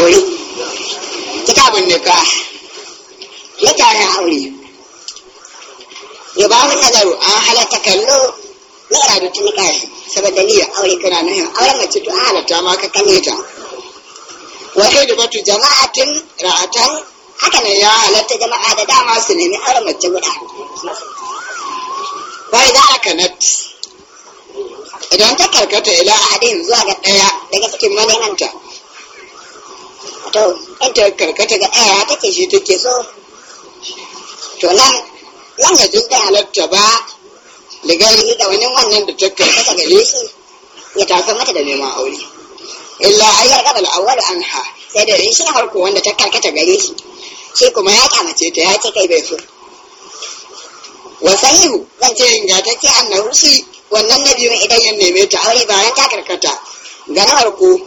aure kitabun nikah na tarin aure ya ba mu tagaru an halatta kallo na rabu iradatu nikahi saboda ni aure kana nuhin auren mace to an halatta ma ka kalle ta wa batu jama'atin ra'atan haka ne ya halatta jama'a da dama su nemi auren mace guda bai za a kanat idan ta karkata ila hadin zuwa ga daya daga cikin manyananta to an ta karkata ga aya take shi take so to nan ya halatta ba da da wani wannan da ta karkata gare shi ya tafi mata da neman aure illa kabal awwal anha sai da rishi na wanda ta karkata gare shi shi kuma ya kamace ta ya ce kai bai so wa sahihu zan ce annahu shi wannan na idan ya neme ta aure bayan ta karkata ga na farko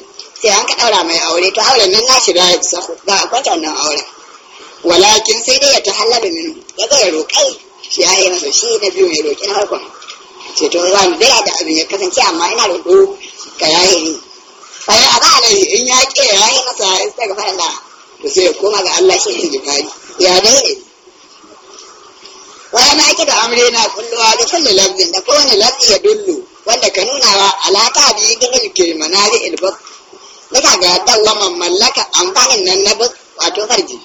sai an ka ɗaura mai aure to auren nan nashi ba ya sahu ba a kwanta wannan auren walakin sai dai ya ta halala min ya ga ya roƙai shi ya yi masa shi na biyu mai roƙi na farkon ce to ba ni dai da abin ya kasance amma ina da roƙo ka yayi ni bayan a ba alai in ya ƙi ya yi masa ya saka fara da to sai ya koma ga Allah shi ne jikari ya dai ne wani na ake da amre na kulluwa da kulle lafzin da kowane lafiya ya dullu wanda ka nuna wa alaƙa da yi ganin kirmanari ilbab nika ga dallaman mallaka amfanin nan na wato farji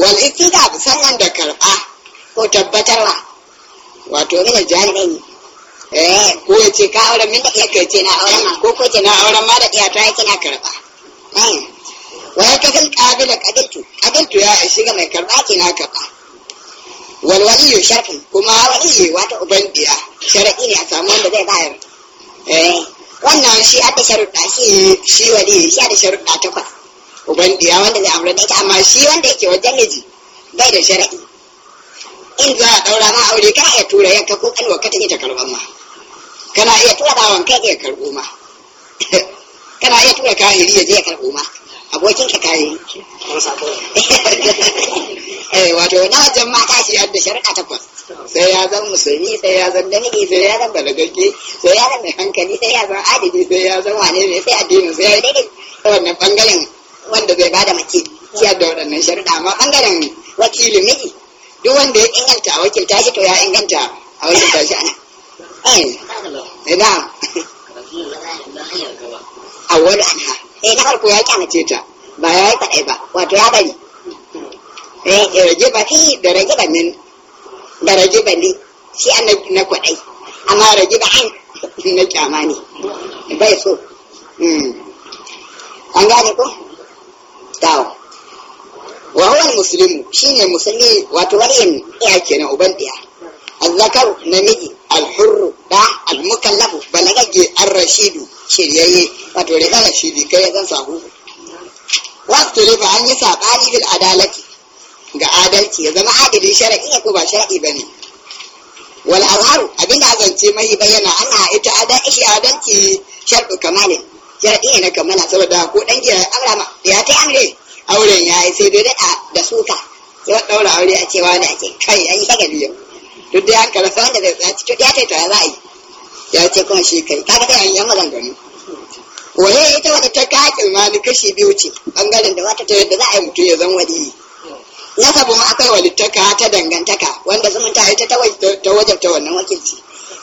wal iktikab sannan da karɓa ko tabbatarwa wato mina jami'in eh ko ya ka aure min da iyaka ce na auren ma ko ko ce na auren ma da iyaka ya kina karɓa hmm. wai ka kan kabila kadiltu kadiltu ya shiga mai karɓa ce na karɓa wal waliyu sharfin kuma waliyu wata ubangiya shar'i ne a samu wanda zai bayar eh wannan shi hada sharuɗa shi shi wali shi hada sharuɗa takwas uban ya wanda zai aure da ita amma shi wanda yake wajen miji bai da shari'i in za a daura ma aure kana iya tura yanka ko kan wa take ta karban ma kana iya tura bawan kai ya karbo ma kana iya tura kahiri ya je ya karbo ma abokin ka kayan eh wato na jama'a kashi hada shari'a takwas sai ya zan musulmi sai ya zan dangi sai ya zan balagage sai ya zan mai hankali sai ya zan adadi sai ya zan wane mai sai addinin sai ya yi daidai ta wannan bangaren wanda zai bada mace ciyar da waɗannan sharuɗa amma bangaren wakilin miji duk wanda ya inganta a wakilta shi to ya inganta a wakilta shi ana a wani ana eh na farko ya kyanace ta ba ya yi kaɗai ba wato ya bari eh, eh rajiba fi da ba min da rajiba ne shi an na kwaɗai amma rajiba an na kyama ne bai so hmm. an gane ko dawo wa musulmi shi shine musulmi wato wani iya na uban ɗaya azzakar namiji alhurru da almukallafu balagagge an rashidu shiryayye wato riga rashidi kai ya zan sahu wasu an yi saɓani bil adalati ga adalci ya zama adalin shari'i ko ba shari'i bane. wal azhar abin da azance mai bayyana ana ita adalci adalci sharɗu kamalin shari'i ne kamala saboda ko dan giya amrama ya ta amre auren ya yi sai dai a da suka sai daura aure a cewa da ake kai an saka yau duk da an karasa wanda zai tsaya ya ce to ya za a yi ya ce kuma shi kai Ta ga yan yi maganganu waye ita wata ta kakin ni kashi biyu ce bangaren da wata ta yadda za a yi mutum ya zan waliyi ma akwai walittaka ta dangantaka wanda zumunta ita ta ta wannan wakilci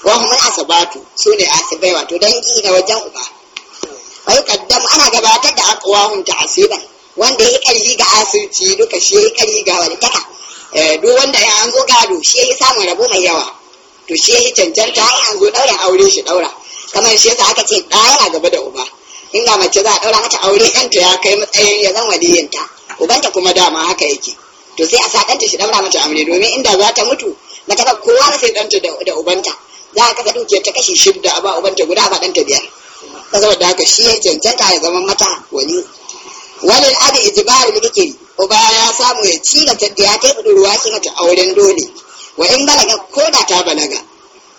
wa kuma asabatu sune asibai wato dangi na wajen uba wai kaddam ana gabatar da ta ta'asiban wanda ya kalli ga asirci duka shi ya kalli ga walittaka eh, duk wanda ya an zo gado shi ya samu rabo mai yawa to shi ya cancanta har an zo daura aure shi daura kamar shi yasa aka ce ɗaya gaba da uba in ga mace za a daura mata aure ɗanta ya kai matsayin ya zan waliyinta ubanta kuma dama haka yake to sai a sa shi ɗaura mata amre domin inda za ta mutu na kasa kowa sai ɗanta da ubanta za a kasa dukiyar ta kashi shidda a ba ubanta guda ba ɗanta biyar ta saboda haka shi ya cancanta ya zama mata wani wani abi ijibar mulkin uba ya samu ya ci ga ya ta ruwa shi mata auren dole wa in balaga ko da ta balaga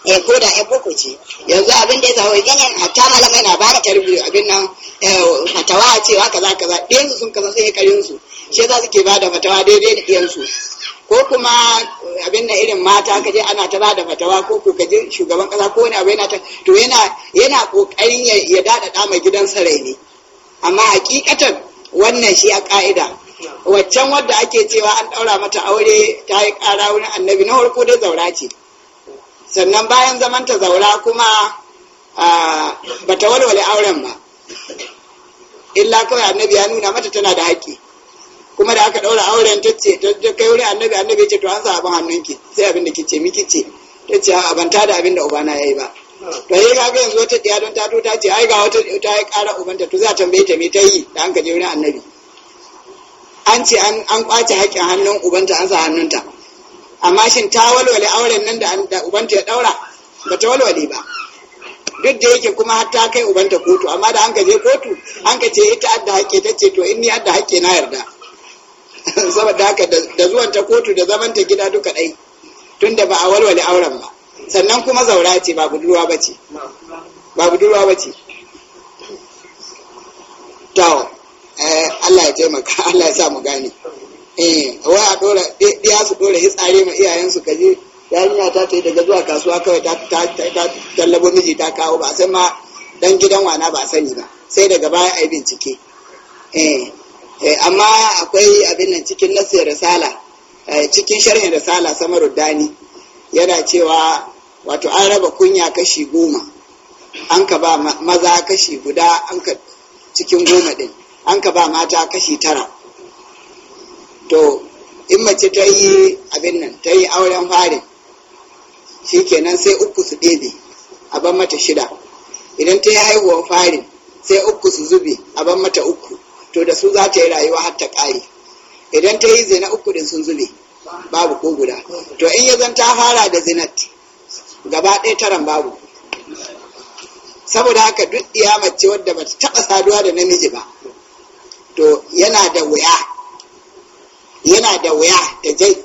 eh ko da boko ce yanzu abin da ya zawo ganin hatta malama na ba da tarbiyo. abin nan eh, fatawa cewa kaza kaza ɗayan sun kaza sai karin su shi za su ke bada fatawa daidai da iyansu ko kuma abin da irin mata kaje ana ta bada da fatawa ko ko kaje shugaban kasa ko wani abu yana ta to yana kokarin ya dada da mai gidan sarai ne amma hakikatan wannan shi a ka'ida waccan wadda ake cewa an daura mata aure ta yi kara wurin annabi na farko dai zaura ce sannan bayan zamanta zaura kuma bata walwale auren ba illa kawai annabi ya nuna mata tana da haƙƙi kuma da aka daura auren ta ce ta kai wuri annabi annabi ya ce to an sa abin hannunki sai abin da kice miki ce ta ce a ban da abin da ubana yayi ba to sai ga yanzu wata ɗiya don ta to ta ce ai ga wata ta yi kara ubanta to za ta tambaye ta me ta yi da an je wurin annabi an ce an kwace haƙƙin hannun ubanta an sa hannunta amma shin ta walwale auren nan da ubanta ya daura ba ta walwale ba duk da yake kuma har ta kai ubanta kotu amma da an je kotu an ka ce ita adda hakke ta ce to in ni adda hakke na yarda saboda haka da zuwan ta kotu da zaman ta gida duka ɗai tunda ba a walwale auren ba sannan kuma zaura ce ba budurwa ba ce ba budurwa ba ce to eh, Allah ya taimaka Allah ya sa mu gane eh wai a dora ɗiya su dora hitsare ma iyayensu kaje yarinya ta ta yi daga zuwa kasuwa kawai ta ta, tallabo miji ta kawo ba sai ma dan gidan wana ba sani ba sai daga baya a yi bincike eh Eh, amma akwai abin nan cikin nasir risala eh, cikin sharhin risala samaru dani yana cewa wato an raba kunya kashi goma an ka ba maza kashi guda an ka cikin goma din an ka ba mata kashi tara to in mace ta yi abin nan ta yi auren farin kenan sai uku su ɗebe a ban mata shida idan ta yi haihuwar farin sai uku su zube a ban mata uku to da su za ta yi rayuwa har ta ƙare idan ta yi zina uku din sun zube babu ko guda to in ya ta fara da zinat gaba ɗaya taran babu saboda haka duk iya mace wadda ba ta taɓa saduwa da namiji ba to yana da wuya yana da wuya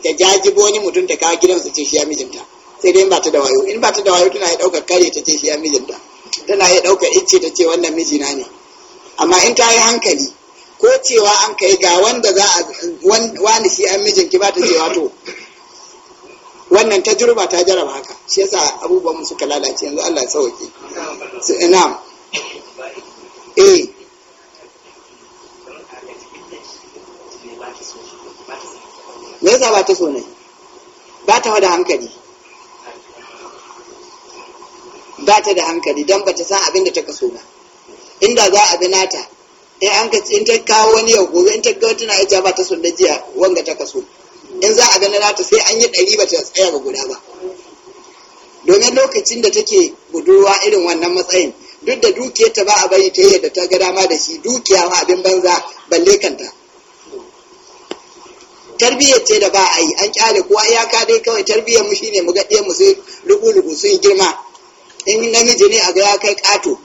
ta jajibo wani mutum ta kawo su ce shi ya mijinta sai dai ba ta da wayo in ba ta da wayo tana iya ɗaukar kare ta ce shi ya mijinta tana iya ɗaukar icce ta ce wannan mijina ne amma in ta yi hankali ko cewa an kai ga wanda za a wani shi an mijinki ba ta cewa to wannan ta jirba ta jaraba haka shi yasa abubuwan mu suka lalace yanzu Allah ya sauke su ina eh me yasa ba ta so ne ba ta hada hankali ba ta da hankali don ba ta san abin da ta kaso ba inda za a bi nata in an ka in ta kawo wani yau gobe in ta kawo tana ajiya ba ta sun da jiya wanga ta kaso in za a gani nata sai an yi ɗari ba ta tsaya ba guda ba domin lokacin da take budurwa irin wannan matsayin duk da dukiyar ta ba a bari ta yadda ta ga dama da shi dukiya ma abin banza balle kanta tarbiyyar ce da ba a yi an kyale kowa iyaka dai kawai tarbiyyar mu shine mu ga mu sai rubu rubu sun girma in namiji ne a ga ya kai kato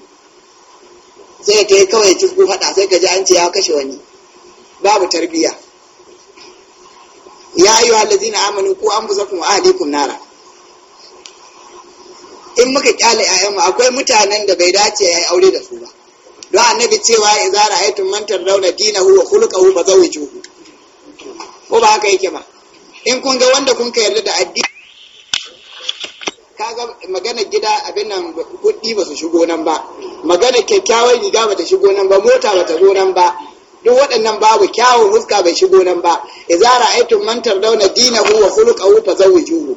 sai ta yi kawai cikin faɗa sai ka ji an ce ya kashe wani babu tarbiyya ya yi wa na Amani, ko an busa kuma ahalikum nara in muka kyale ƴaƴanmu akwai mutanen da bai dace ya yi aure da su ba don annabi cewa ya zara aitun mantar dauna huwa wa huwa fa juhu ko ba haka yake ba in kun ga wanda kun yarda da addini kaga magana gida abin nan kuɗi ba su shigo nan ba magana kyakkyawar riga ba ta shigo nan ba mota ba ta zo nan ba duk waɗannan babu kyawun fuska bai shigo nan ba idza ra'aytum man tardawna dinahu wa khuluquhu fazawwijuhu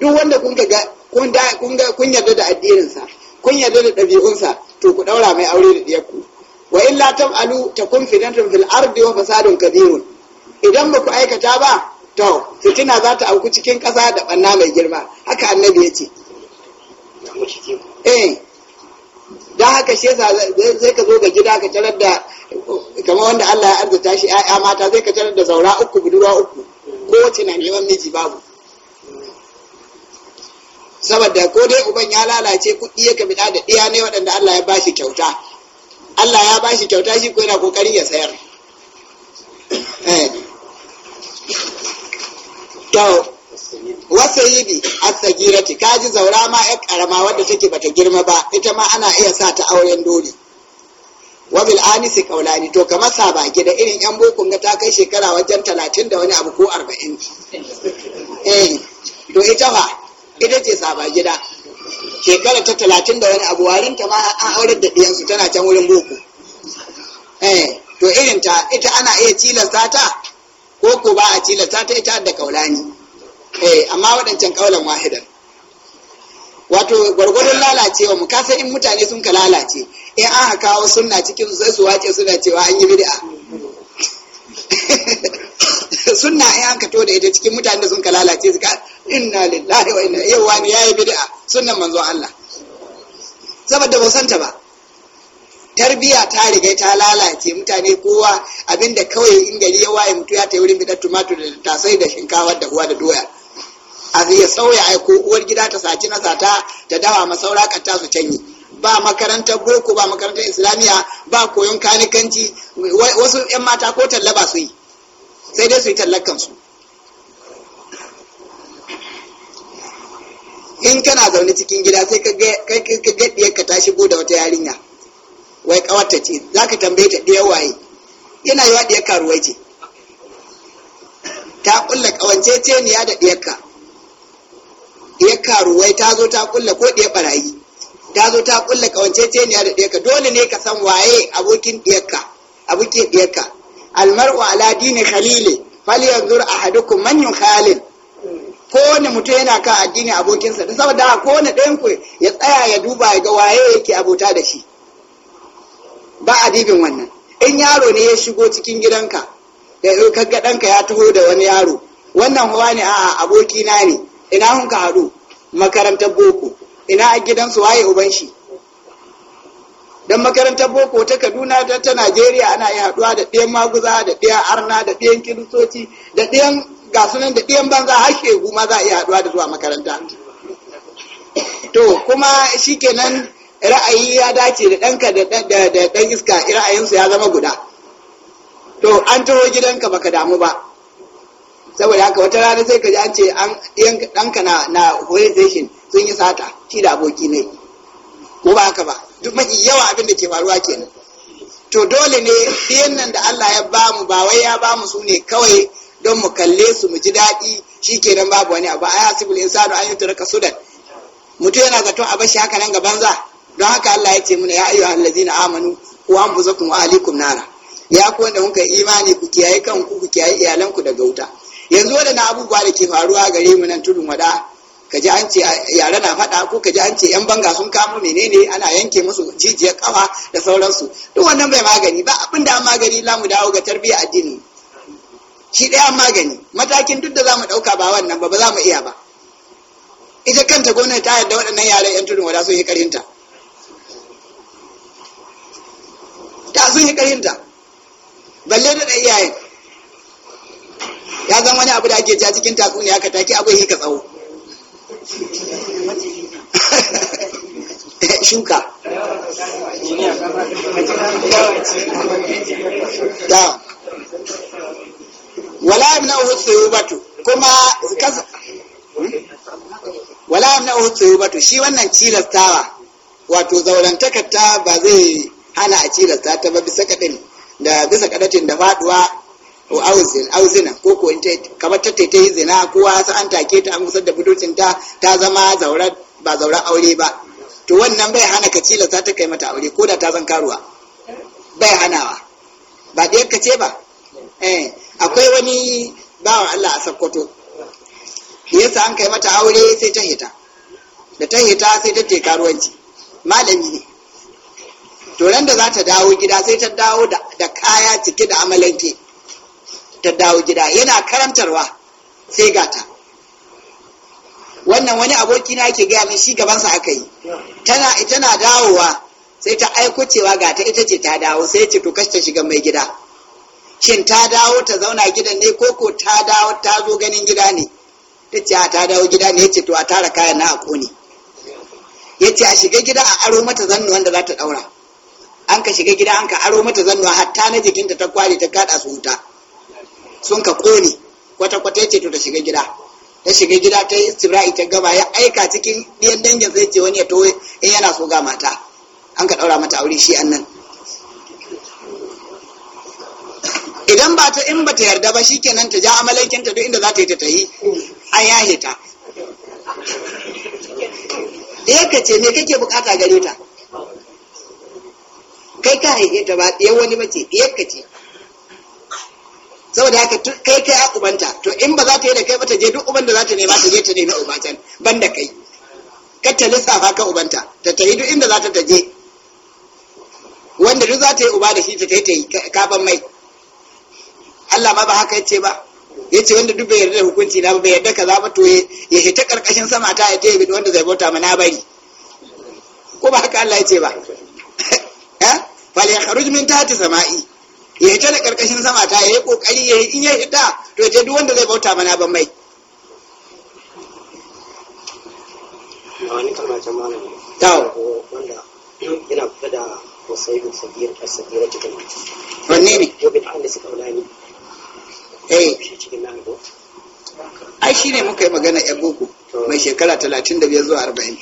duk wanda kun ga kun wanda kun yarda da addininsa kun yarda da ɗabi'unsa to ku ɗaura mai aure da diyarku wa illa ta kun fitnatun fil ardi wa fasadun kabirun idan ba ku aikata ba to fitina za ta auku cikin ƙasa da ɓanna mai girma haka annabi ya ce eh, don haka shi yasa zai ka zo ga gida ka tarar da kamar wanda Allah ya arzuta shi ya mata zai ka tarar da zaura uku budurwa uku ko wace na neman miji babu saboda ko dai uban ya lalace kuɗi ya kabila da ɗiya ne waɗanda Allah ya ba shi kyauta Allah ya ba shi kyauta shi ko yana kokari ya sayar eh. to wasayibi as-sagirati kaji zaura ma ya karama wanda take bata girma ba ita ma ana iya sa ta auren dole bil anisi kaulani to kamar ba gida, irin yan bokun ga ta kai shekara wajen talatin da wani abu ko arba'in eh to ita fa ita ce gida, shekara ta talatin da wani abu warinta ma an aure da su tana can wurin boko eh to irin ta ita ana iya tilasta ta ko ko ba a tilasta ta ita da kaulani eh amma waɗancan kaulan wahida wato gwargwadon lalacewa mu kasa in mutane sun ka lalace in an kawo sunna cikin sai su wace suna cewa an yi bid'a sunna in an kato da ita cikin mutane da sun ka lalace su ka inna lillahi wa inna ilaihi raji'un yayi bid'a sunnan manzo Allah saboda ba ta ba tarbiya ta riga ta lalace mutane kowa abinda kawai in gari ya waye mutu ya ta wurin bidar tumatur da tasai da shinkawa da uwa da doya a ya sauya aiko uwar gida ta saci nasa ta ta dawa masaura ta su canyi ba makarantar boko ba makarantar islamiyya ba koyon kanikanci wasu yan mata ko tallaba su yi sai dai su yi tallakan su in kana zaune cikin gida sai ka ga ka tashi da wata yarinya wai kawata ce za ka tambaye ta ɗaya waye yana wa ɗiyar karuwa ce ta ƙulla ƙawance ce ya da ka ɗiyar karuwai ta zo ta ƙulla ko ɗiyar ɓarayi ta zo ta ƙulla ƙawance ce ya da ka dole ne ka san waye abokin ka abokin ɗiyarka almar'u ala dini khalili fal yanzur ahadukum man yukhalil wani mutum yana kan addini abokinsa da saboda wani ɗayan ku ya tsaya ya duba ya ga waye yake abota da shi ba a dibin wannan in yaro ne ya shigo cikin gidanka da ɗaukar ɗanka ya taho da wani yaro wannan huwa ne a abokina ne ina hun ka haɗu makarantar boko ina a gidansu waye uban shi don makarantar boko ta kaduna ta ta najeriya ana yi haɗuwa da ɗiyan maguza da ɗiyan arna da ɗiyan kiristoci da ɗiyan gasunan da ɗiyan banza har shegu ma za a iya haɗuwa da zuwa makaranta to kuma shi shikenan ra'ayi ya dace da ɗanka da ɗan iska ra'ayinsu ya zama guda to an taho gidanka baka damu ba saboda haka wata rana sai ka ji an ce ɗanka na na horization sun yi sata shi da aboki ne ko ba haka ba duk mafi yawa abin da ke faruwa kenan to dole ne biyan nan da Allah ya bamu ba wai ya bamu su ne kawai don mu kalle su mu ji daɗi shi kenan babu wani abu a yasibul insanu an yi turaka sudan mutum yana zaton a bashi haka nan ga banza don haka Allah ya ce muna ya ayyuhal ladina amanu ku anfusakum wa ahlikum nara ya ku wanda kuka imani ku kiyaye kanku ku kiyaye iyalanku daga wuta yanzu wadannan abubuwa da ke faruwa gare mu nan tudun wada kaji an ce yare na faɗa ko kaji an ce yan banga sun kamo menene ana yanke musu jijiyar kafa da sauransu duk wannan bai magani ba abin da magani za mu dawo ga tarbiyyar addini shi ɗaya magani matakin duk da za mu ɗauka ba wannan ba ba za mu iya ba ita kanta gwamnati ta yarda waɗannan yare yan tudun wada sun yi karinta matsayinta balle da ɗan iyayen ya zan wani abu da ake ja cikin tatsuniya ka take abu ka tsawo shuka da wala na uhutsu batu kuma kasa hmm? wala na uhutsu batu shi wannan cilastawa wato zaurantakar ta ba zai hana a cilasta ta ta bisa kadin da bisa kadatin da faduwa ko auzin auzina ko ko inta kamar ta taita yi zina kowa sa an take ta an musar da budurcin ta ta zama zaura ba zaura aure ba to wannan bai hana ka cilasta ta kai mata aure ko da ta zan karuwa bai hanawa ba da ka ce ba eh akwai wani bawan Allah a Sokoto yasa an kai mata aure sai ta hita da ta hita sai ta te karuwanci malami ne to ran da za ta dawo gida sai ta dawo da kaya cike da amalanke ta dawo gida yana karantarwa sai gata wannan wani aboki na yake gaya min shi gabansa aka yi tana tana dawowa sai ta aiko cewa gata ita ce ta dawo sai ce to kashi ta shiga mai gida shin ta dawo ta zauna gidan ne ko ko ta dawo ta zo ganin gida ne ta ce a ta dawo gida ne ya ce to a tara kayan na a kone ya ce a shiga gida a aro mata zannuwan da za ta daura an ka shiga gida an ka aro mata zannuwa hatta na jikinta ta kware ta kada su wuta sun ka kone kwata-kwata ce to ta shiga gida ta shiga gida ta yi istira'i ta gaba ya aika cikin ɗiyan dangin zai ce wani ya to in yana so ga mata an ka ɗaura mata aure shi annan idan ba ta in ba ta yarda ba shi kenan ta ja ta duk inda za ta yi ta tayi an yahe ta da eh, yaka ce me kake bukata gare ta kai ka haife ta ba ɗaya wani mace ɗiyar ka ce saboda haka kai kai a ubanta to in ba za ta yi da kai ba ta je duk uban da za ta nema ta je ta nema uba ban da kai ka ta lissafa ka ubanta ta ta yi duk inda za ta ta je, wanda duk za ta yi uba da shi ta yi ta yi kaban mai Allah ma ba haka yace ba yace wanda duk bai yarda hukunci na bai yarda kaza ba to ya hita karkashin sama ta ya tafi wanda zai bauta mana bari ko ba haka Allah yace ba fal yakhruj min tahti sama'i ya hita da karkashin sama ta yayi kokari ya in ya hita to je duk wanda zai bauta mana ban mai wanne ne yo eh. shi ne muka yi magana yan boko mai shekara talatin da biyar zuwa arba'in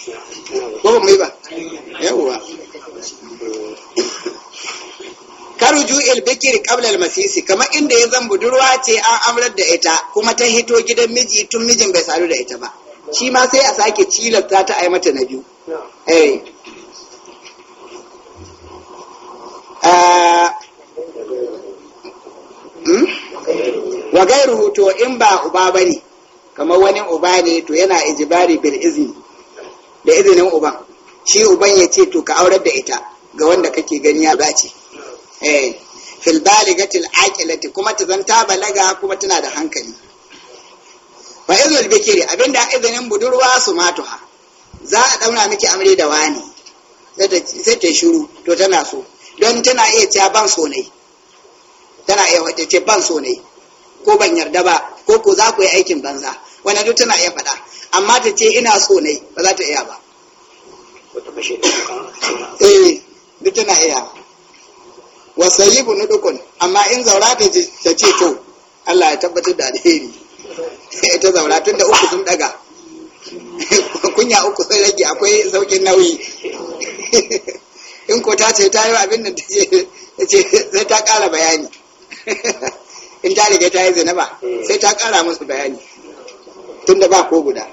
ko ba mai ba yawwa karuju ilbikir kablal masisi kamar inda ya zan budurwa ce an amrar da ita kuma ta hito gidan miji tun mijin bai sadu da ita ba shi ma sai a sake cilasta ta a mata na biyu eh. ah. hmm? wa gairu to in ba uba ba ne kamar wani uba ne to yana ijibari bil izini da izinin uban shi uban ya ce to ka aurar da ita ga wanda kake gani ya bace eh fil al aqilati kuma ta zanta balaga kuma tana da hankali fa izul bikiri abinda izinin budurwa su matuha za a dauna miki amre da wani sai ta shiru to tana so don tana iya cewa ban so ne tana iya wace ce ban so ne ko ban yarda ba ko ko za ku yi aikin banza wani duk tana iya faɗa amma ta ce ina so ne ba za ta iya ba eh duk tana iya wasu yi bu nudukun amma in zaura ta ce to Allah ya tabbatar da alheri ita zaura tun da uku sun daga kunya uku sai rage akwai saukin nauyi in ko ta ce ta yi abin da ta ce sai ta kara bayani in ta riga ta yi zina hmm. sai ta kara musu bayani tunda ba ko guda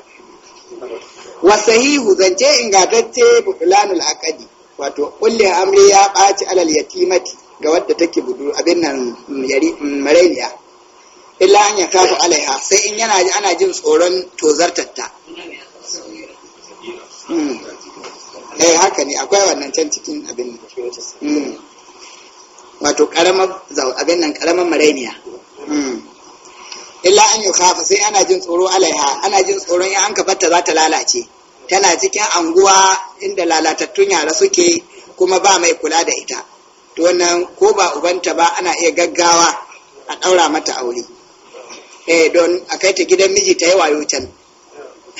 wasahihu zance ingantacce bulanul akadi wato kulli amri ya ɓaci alal yatimati ga wadda take budu abin nan marainiya illa an ya kafu alaiha sai in yana ana jin tsoron tozartatta hmm. eh haka ne akwai wannan can cikin abin hmm. wato karamar abin nan karamar marainiya hmm. illa an yi kafa sai ana jin tsoro alaiha ana jin tsoron in an kafa ta za ta lalace tana cikin anguwa inda lalatattun yara suke kuma ba mai kula da ita to wannan ko ba ubanta ba ana iya gaggawa a ɗaura mata aure eh don a kai ta gidan miji ta yi wayo can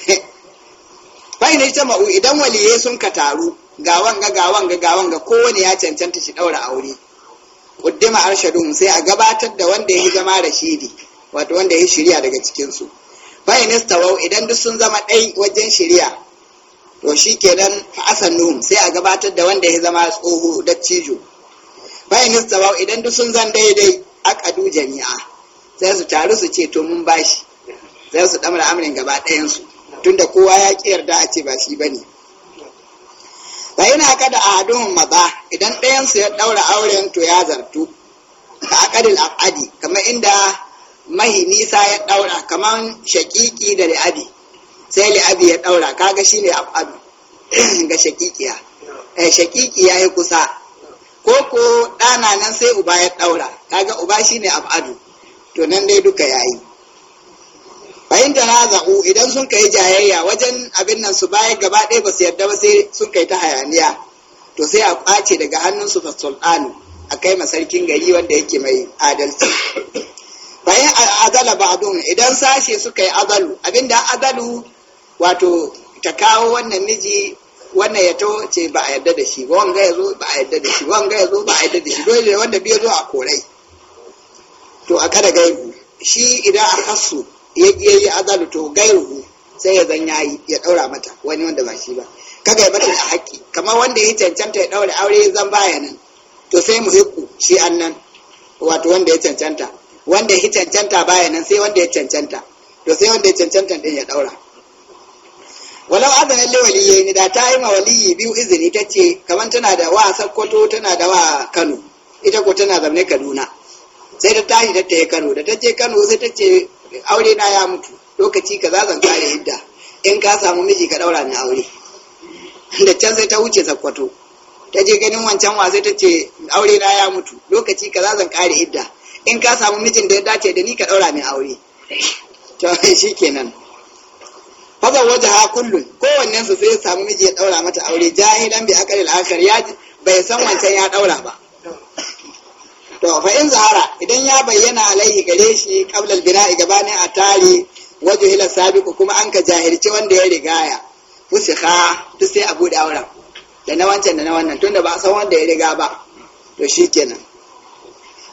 bai ne ta ma'u idan waliyai sun ka taru ga wanga ga wanga ga wanga kowane ya cancanta shi ɗaura aure kuddima arshadun sai a gabatar da wanda ya yi zama rashidi wato wanda ya shirya daga cikinsu bayan wau idan duk sun zama ɗai wajen shirya to shi ke asan fa'asan sai a gabatar da wanda ya zama tsoho da cijo bayan wau idan duk sun zan daidai a akadu jami'a sai su taru su ce to mun bashi sai su ɗamar amurin gaba ɗayansu tunda kowa ya ƙi yarda a ce ba shi ba ne Ba yana kada ahaduhum maza idan ɗayansu ya ɗaura auren to ya zartu a ƙadil al'adi kamar inda mahi nisa ya ɗaura kamar shakiki da li'abi sai li'abi ya ɗaura kaga shi ne abu ga shakikiya eh shakiki ya yi kusa ko ko ɗana nan sai uba ya ɗaura kaga uba shi ne abu to nan dai duka ya yi fahimta na zaɓu idan sun kai jayayya wajen abin nan su baya gaba ɗaya ba su yarda ba sai sun kai ta hayaniya to sai a ƙwace daga hannunsu fa sultanu a kai ma sarkin gari wanda yake mai adalci bayan azala ba'dun idan sashe suka yi azalu abinda azalu wato ta kawo wannan miji wannan ya taho ce ba a yarda da shi wanga ya zo ba a yarda da shi wanga ya zo ba a yarda da shi dole wanda bai zo a korai to a kada gaibu shi idan a hasu ya yi azalu to gairu sai ya zan yayi ya daura mata wani wanda ba shi ba kaga ya bata da haƙƙi kamar wanda ya cancanta ya daura aure zan baya nan to sai mu hiku shi annan wato wanda ya cancanta wanda ya cancanta baya nan sai wanda ya cancanta to sai wanda ya cancanta din ya daura walau adana li waliyyi ni da ta yi ma waliyyi biyu izini ta ce kamar tana da wa sakkwato tana da wa kano ita ko tana zaune kaduna sai ta tashi ta taye kano da ta je kano sai ta ce aure na ya mutu lokaci ka za zan kare yadda in ka samu miji ka daura ni aure da can sai ta wuce sakkwato ta je ganin wancan wa sai ta ce aure na ya mutu lokaci ka za zan kare hidda. in ka samu mijin da ya dace da ni ka ɗaura min aure to shi kenan fazan waje ha kullum kowannen su zai samu miji ya ɗaura mata aure jahilan bi akal al ya bai san wancan ya ɗaura ba to fa in zahara idan ya bayyana alaihi gare shi qabla al-bina'i gabanin atari wajo hila sabiqu kuma an ka jahilci wanda ya rigaya fusiha duk sai a bude auren da na wancan da na wannan tunda ba san wanda ya riga ba to shikenan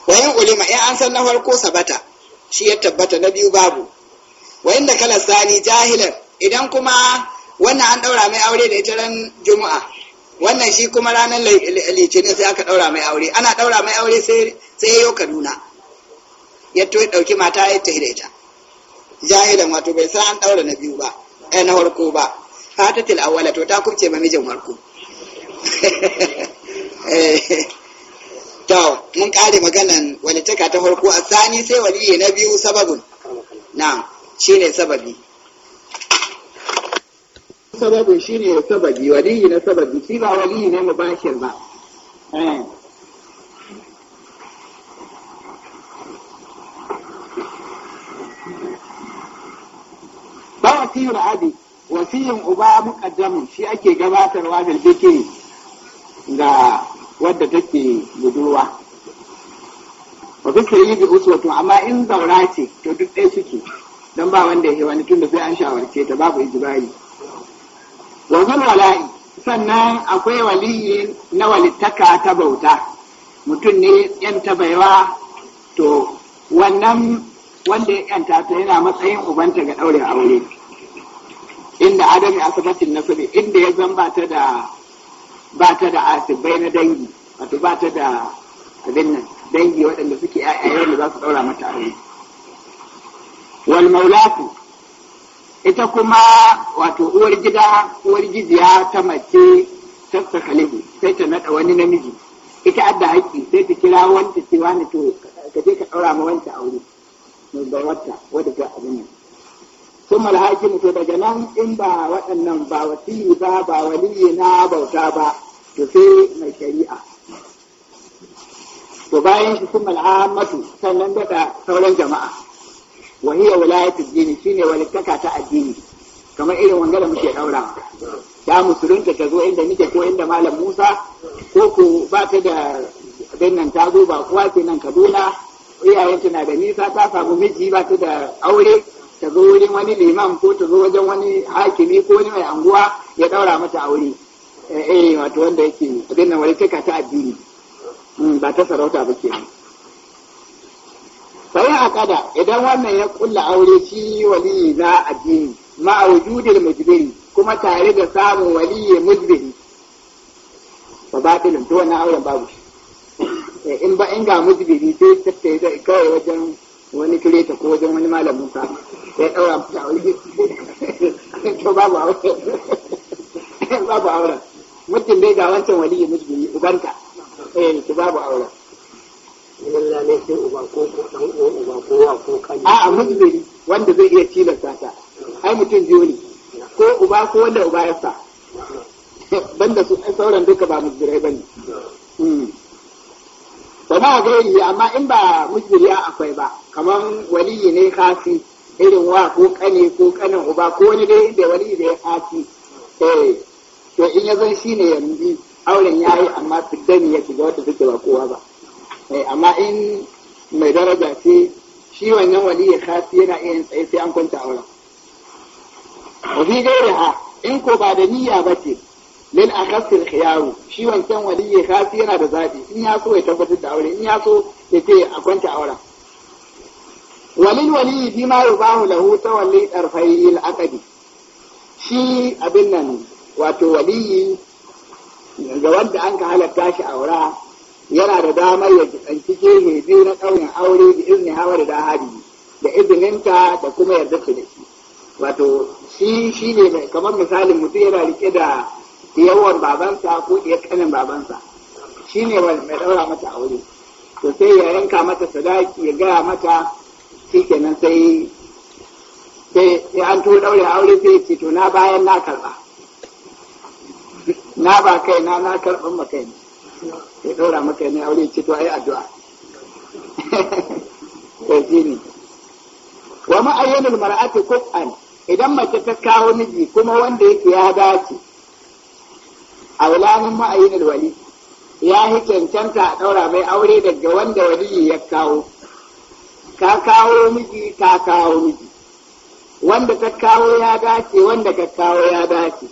wayan ulima in an san na farko sabata shi ya tabbata na biyu babu wayan da kala sani jahilan idan kuma wannan an daura mai aure da ita ran juma'a wannan shi kuma ranar litinin sai aka daura mai aure ana daura mai aure sai sai yayo kaduna ya to ya dauki mata ya ta da ita jahilan wato bai san an daura na biyu ba ai eh, na farko ba fatatil awwala to ta kubce ma mijin farko eh to mun kare maganan walitaka ta farko a sani sai waliyi na biyu sababin na'am shine sababi sababin ne sababi waliyi na sababi shi ba waliyi ne mubashir ba eh. ba tiyar abi wasiyin uba muqaddamun shi ake gabatarwa da bikiri ga wadda take budurwa ba fi yi bi amma in zaura ce to duk ɗaya suke don ba wanda ya wani tun da sai an shawarce ta babu ijibari wa wala'i sannan akwai waliyi na walittaka ta bauta mutum ne yan baiwa to wannan wanda ya yanta ta yana matsayin ubanta ga ɗaurin aure inda adam ya asabatin nasiri inda ya zambata da ba ta da asibai na dangi wato ba ta da abin nan dangi waɗanda suke ayaye da za su ɗaura mata aure wal maulatu ita kuma wato uwar gida uwar gidiya ta mace ta sakalihu sai ta naɗa wani namiji ita adda haƙƙi sai ta kira wanta cewa na to ka je ka ɗaura ma wanta aure mai ba wadda ta abin nan sun malhaji to daga nan in ba waɗannan ba wasiyi ba ba waliyi na bauta ba to mai shari'a to bayan shi kuma al'amatu sannan daga sauran jama'a wa hiya wilayatu dini shine walittaka ta addini kamar irin wanda da muke ɗaura. ya musulunta ta zo inda muke ko inda malam Musa ko ko ba ta da abin nan ta zo ba kowa ke Kaduna iyayenta na da nisa ta samu miji ba ta da aure ta zo wurin wani liman ko ta zo wajen wani hakimi ko wani mai anguwa ya ɗaura mata aure Eh, eh wato wanda yake abin nan warkaka ta addini hmm, ba ta sarauta ba kenan sai a kada idan wannan ya kulla aure shi waliyi na addini ma wujudil mujbiri kuma tare da samun waliyi mujbiri ba batilin to wannan auren babu shi eh, in ba in ga mujbiri sai tattaye da kawai wajen wani kireta ko wajen wani malamin sa ya daura mutu aure to babu aure babu auren mutum dai ga wancan waliyi musulmi ubanka eh ki babu aure illa ne sai uba ko ko dan uba ko wa ko kani a'a musguni wanda zai iya tilasta ta ai mutum biyu ne ko uba ko wanda uba ya sa banda su sauran duka ba musgirai bane hmm. ba ma yi amma in ba musgiri akwai ba kamar waliyi ne kasi irin wa ko kane ko kanin uba ko wani dai da waliyi da ya kasi eh to in ya zan shine yanzu auren ya yi amma fiddani ya shiga wata suke ba kowa ba eh, amma in mai daraja ce shi wannan wali ya kafi yana iya yin tsaye sai an kwanta auren wafi gairi ha in ko ba da niyya ba ce lil akasir khiyaru shi wancan wali ya kafi yana da zaɓi in ya so ya tabbatar da aure in ya so ya ce a kwanta auren Walin wani bi ma yubahu lahu ta darfai al aqdi shi abin nan wato waliyi ga wanda an ka halatta shi aura yana da damar ya tsanci gehe biyu na ƙauyen aure da izinin hawa da dahari da izininta da kuma yarda su da wato shi shi ne kamar misalin mutum yana rike da yawan babansa ko iya kanin babansa shi ne mai ɗaura mata aure to sai ya yanka mata sadaki ya gaya mata shi kenan sai sai an to ɗaure aure sai ce to na bayan na karɓa na ba kai na na karɓar maka ne ya ɗora maka ne aure ce to ai addu'a ko jini wa ma'ayyanul mar'ati Kuf'an idan mace ta kawo miji kuma wanda yake ya dace aulanin ma'ayyanul wali ya yi cancanta a ɗaura mai aure daga wanda wali ya kawo ka kawo miji ka kawo miji wanda ka kawo ya dace wanda ka kawo ya dace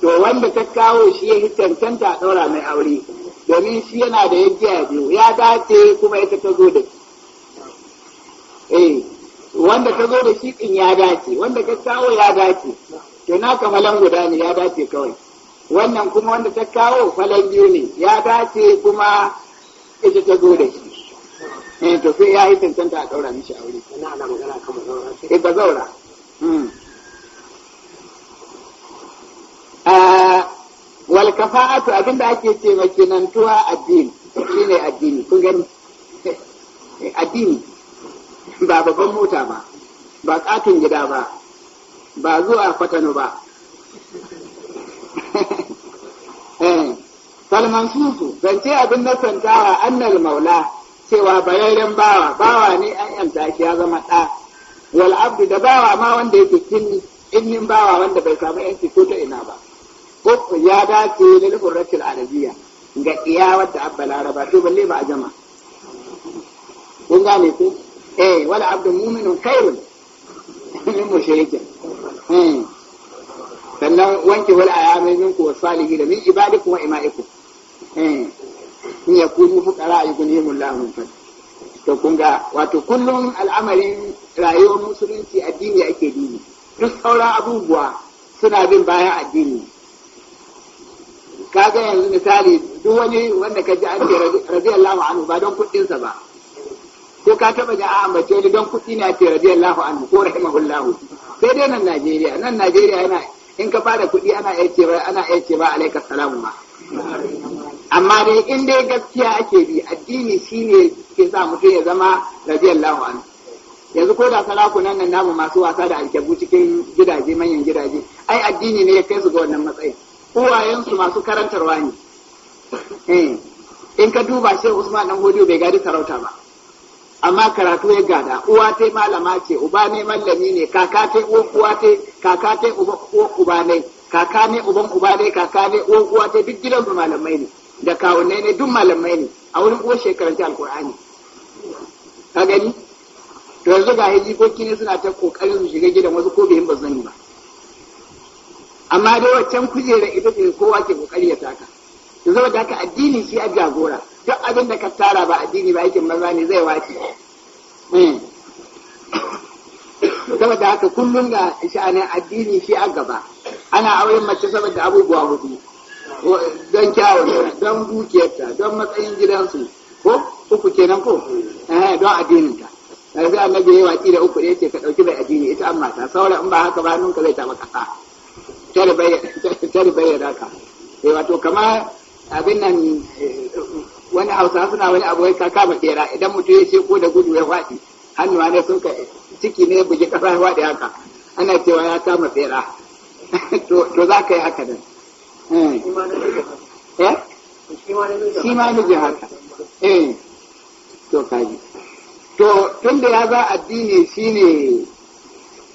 to wanda ta kawo shi ya cancanta a ɗaura mai aure domin shi yana da ya biyu ya dace kuma ita ta zo da shi eh, wanda ta zo da shi ɗin ya dace wanda ta kawo ya dace to na kamalan guda ne ya dace kawai wannan kuma wanda ta kawo falon biyu ne ya dace kuma ita ta zo da shi eh, to sai ya yi cancanta a ɗaura mishi aure ina ana magana kan zaura eh, ba zaura hmm. walkafa'atu abinda ake ce makinantuwa addini ne addini kun gani addini ba babban mota ba ba katin gida ba ba zuwa kwatano ba salman eh, susu zance abin na santawa annal maula cewa bayayyen bawa bawa ne an yanta shi ya zama ɗa wal abdu da bawa ma wanda yake kinni innin bawa wanda bai samu yanci ko ta ina ba ko ya dace da lil hurratil arabiyya ga iya wadda abba laraba to balle ba a jama kun gane ku eh wala abdu mu'minun khairun min mushrikin hmm. sannan wanke wal ayami minku wa salihi da min ibadikum wa imaikum eh in yakunu fuqara yughnihim Allahu min fadli to kun ga wato kullum al'amarin rayuwar musulunci addini ake dini duk sauran abubuwa suna bin bayan addini kaga yanzu misali duk wani wanda ka ji an ce radiyallahu anhu ba don kuɗinsa ba ko ka taba ji a ambace ni don kuɗi na ce radiyallahu anhu ko rahimahullahu sai dai nan Najeriya nan Najeriya yana in ka bada kuɗi ana iya ce ana iya ce ba alaikas salamu ma amma dai in dai gaskiya ake bi addini shine ke sa mutum ya zama radiyallahu anhu yanzu ko da salaku nan namu masu wasa da alkebu cikin gidaje manyan gidaje ai addini ne ya kai su ga wannan matsayin uwayensu masu karantarwa ne eh, in ka duba sai usman dan godiyo bai gadi sarauta ba amma karatu ya gada uwa ta malama ce uba ne mallami ne kaka ta uwan uwa ta kaka ta uwan uba ne kaka ne uban uba ne kaka ne uwan uwa ta duk gidan su malamai ne da kawunne ne duk malamai ne a wurin uwar shekaran ta alkur'ani ka gani to yanzu ga hiji ko ne suna ta kokarin su shiga gidan wasu ko bai ba bazani ba amma dai waccan kujera ita ce kowa ke kokari ya taka to saboda haka addini shi a jagora duk abin da ka tara ba addini ba aikin maza ne zai wace hmm. saboda haka kullum da sha'anin addini shi a gaba ana auren mace saboda abubuwa hudu don kyawun don dukiyarta don matsayin gidansu ko uku kenan ko eh, don addininta yanzu annabi ya waki da uku ne ce ka ɗauki mai addini ita an mata saura in ba haka ba nun ka zai taɓa kasa. sai bayyana ka sai eh, wato kama abin nan eh, wani hausa suna wani abu wai kaka ba kera idan mutum ya ce ko da gudu ya faɗi hannuwa ne sun ka ciki ne buge ƙasa ya faɗi haka ana cewa ya kama tsera to za ka yi haka nan eh. shi ma nufin haka eh to kaji to tun da ya za addini shine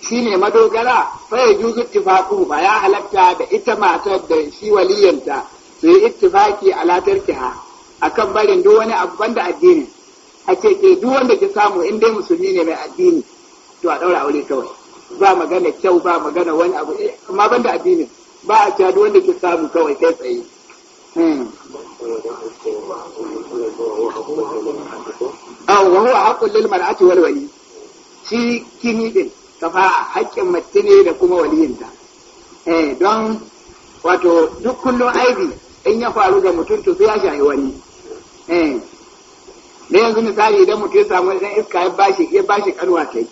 shine madogara fa ya juzu ittifaqu ba ya halatta da ita matar da shi waliyanta su yi ittifaki ha? A kan barin duk wani abu banda addini a ce ke duk wanda ki samu in dai musulmi ne mai addini to a daura aure kawai ba magana kyau ba magana wani abu eh, amma banda addini ba a cewa duk wanda ki samu kawai kai tsaye أو A حق للمرأة shi kini كني safa haƙƙin mace ne da kuma waliyinta eh don wato duk kullum aibi in ya faru ga mutum to sai ya shahi wani eh da yanzu misali idan mutum ya samu ɗan iska ya bashi ya bashi kanwa kai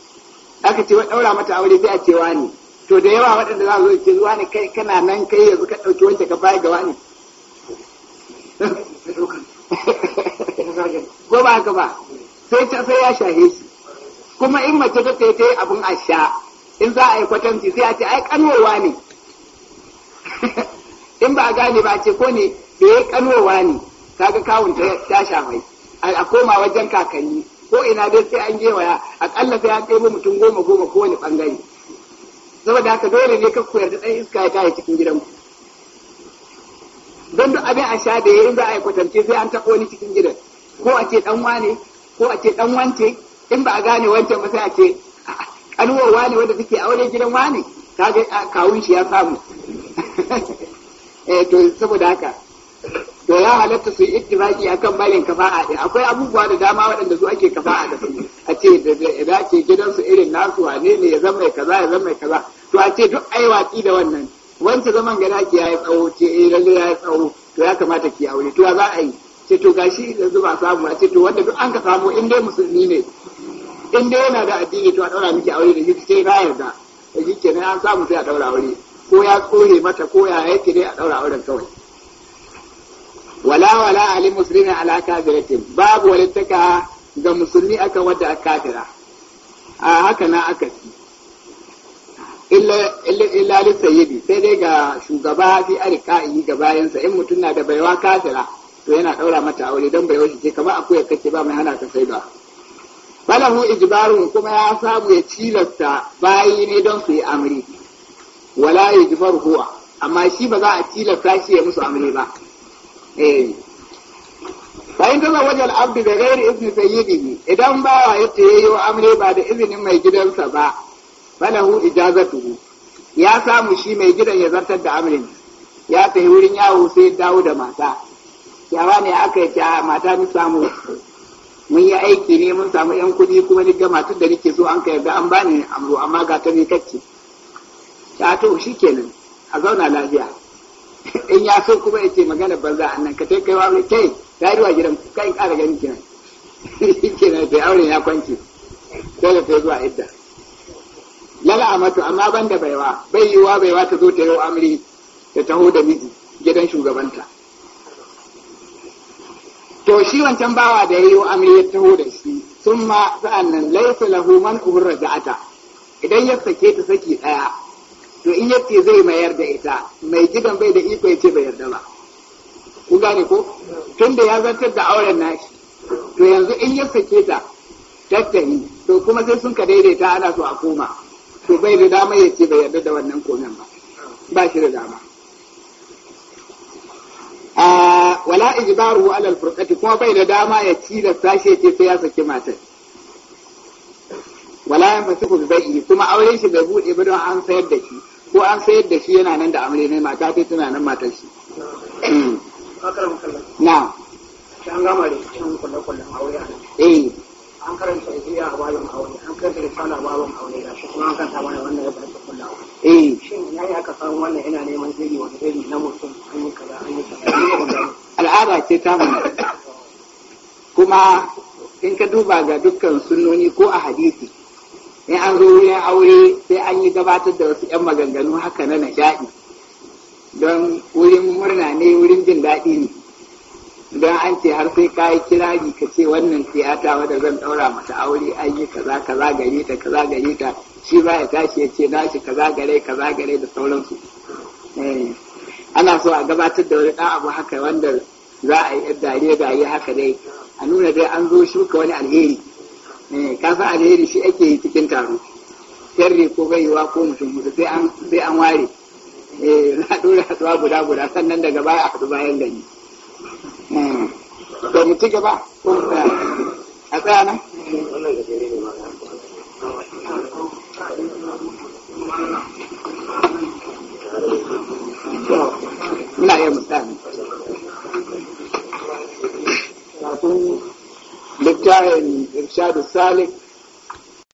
aka ce wa ɗaura mata aure sai a ce wani to da yawa waɗanda za su ce zuwa ne kai kana nan kai yanzu ka ɗauki wanke ka bayar ga wani ko ba haka ba sai ta sai ya shahe shi kuma in mace ta ce ta yi abin asha in za a yi kwatanci sai a ce ai kanowa ne in ba a gane ba ce ko ne da eh, ya kanowa ne kaga kawun ta sha mai a koma wajen kakanni ko ina dai sai an gewaya akalla sai an ɗebo mutum goma goma ko wani ɓangare saboda haka dole ne ka koyar da ɗan iska ya tashi cikin gidanku don duk abin a sha da ya in za a yi kwatance sai an taɓo ni cikin gidan ko a ce ɗan wane ko a ce ɗan wance in ba a gane wancan ba sai a ce kanuwa wani wanda take aure gidan wani ta ga kawun shi ya samu eh to saboda haka to ya halatta su yi ittifaki akan malin kafa'a din akwai abubuwa da dama waɗanda su ake kafa'a da su a ce da gidan su irin nasu wane ne ya zama kaza ya zama kaza to a ce duk ai watsi da wannan wanda zaman gada ki yayi tsawo ce eh lalle yayi tsawo to ya kamata ki aure to za a yi ce to gashi yanzu ba samu a ce to wanda duk an ka samu in dai musulmi ne in dai yana da addini to a daura miki aure da shi sai na yarda da shi kenan an samu sai a daura aure ko ya tsore mata ko ya yake dai a daura auren kawai wala wala ali muslimin ala kafiratin babu walittaka ga musulmi aka wadda a kafira a haka na aka ci illa sayyidi sai dai ga shugaba fi arika yi ga bayansa in mutum na da baiwa kafira to yana ɗaura mata aure don baiwa shi ce kamar akwai kake ba mai hana ka sai ba falahu ijbarun kuma ya samu ya tilasta bayi ne don su yi amri wala yujbar huwa amma shi ba za a tilasta shi ya musu amri ba bayan eh. ta wajen abdu da gairi izini yi sayyidihi idan bawa ya ce wa amri ba da izinin mai gidansa ba falahu ijazatuhu ya samu shi mai gidan ya zartar da amrin ya tafi wurin yawo sai dawo da mata yawa ne aka yi mata ni samu mun yi aiki ne mun samu yan kuɗi kuma ni gama tun da nake so an ka yarda an bani amro amma ga ta ne kacce ta to kenan a zauna lafiya in ya so kuma ya ce magana banza a nan ka kai kai wani kai ta yi gidan kai ƙara gani kenan kenan sai auren ya kwance sai da ta zuwa idda lala amatu amma ban da baiwa bai baiwa ta zo ta yau amri ta taho da miji gidan shugabanta to shi wancan bawa da yayi amri ya taho da shi sun sa'an nan laifin lahu man uhurra za'ata idan ya sake ta saki daya to in yake zai mayar da ita mai gidan bai da iko ya ce bai yarda ba ku gane ko tunda ya zartar da auren nashi to yanzu in ya sake ta tattali to kuma sai sun ka daidaita ana so a koma to bai da dama ya ce bai yarda da wannan komen ba ba shi da dama wala ijbaru ala alfurqati kuma bai da dama ya tilasta shi ce sai ya saki matar wala yan fasiku bi bai'i kuma auren shi bai bude ba don an sayar da shi ko an sayar da shi yana nan da amre ne mata sai tana nan matar shi na an gama da cikin kullakullan aure eh an karanta ya ba babin aure an karanta risala a babin aure shi kuma an kanta mana wannan ya ba bata kullawa eh shin yayi aka san wannan ina neman iri wani iri na mutum an yi kaza an yi kaza al'ada ce ta kuma in ka duba ga dukkan sunnoni ko a hadisi in an zo wurin aure sai an yi gabatar da wasu 'yan maganganu haka na nishaɗi don wurin murna ne wurin jin daɗi ne don an ce har sai ka yi kirari ka ce wannan tiyata wadda zan ɗaura mata aure an yi kaza kaza gare ta kaza gare ta shi za ya tashi ya ce nashi ka zagare ka zagare da sauransu eh, ana so a gabatar da wani ɗan abu haka wanda za a yi dariya da yi haka dai a nuna dai an zo shuka wani alheri eh, kafin alheri shi ake yi cikin taro sharri ko baiwa ko mutum mutu sai an ware eh, na ɗora Hatsuwa guda guda sannan daga baya a haɗu bayan gani to mu ci gaba a tsaya nan ina yin mutane wato littafin irshadu salik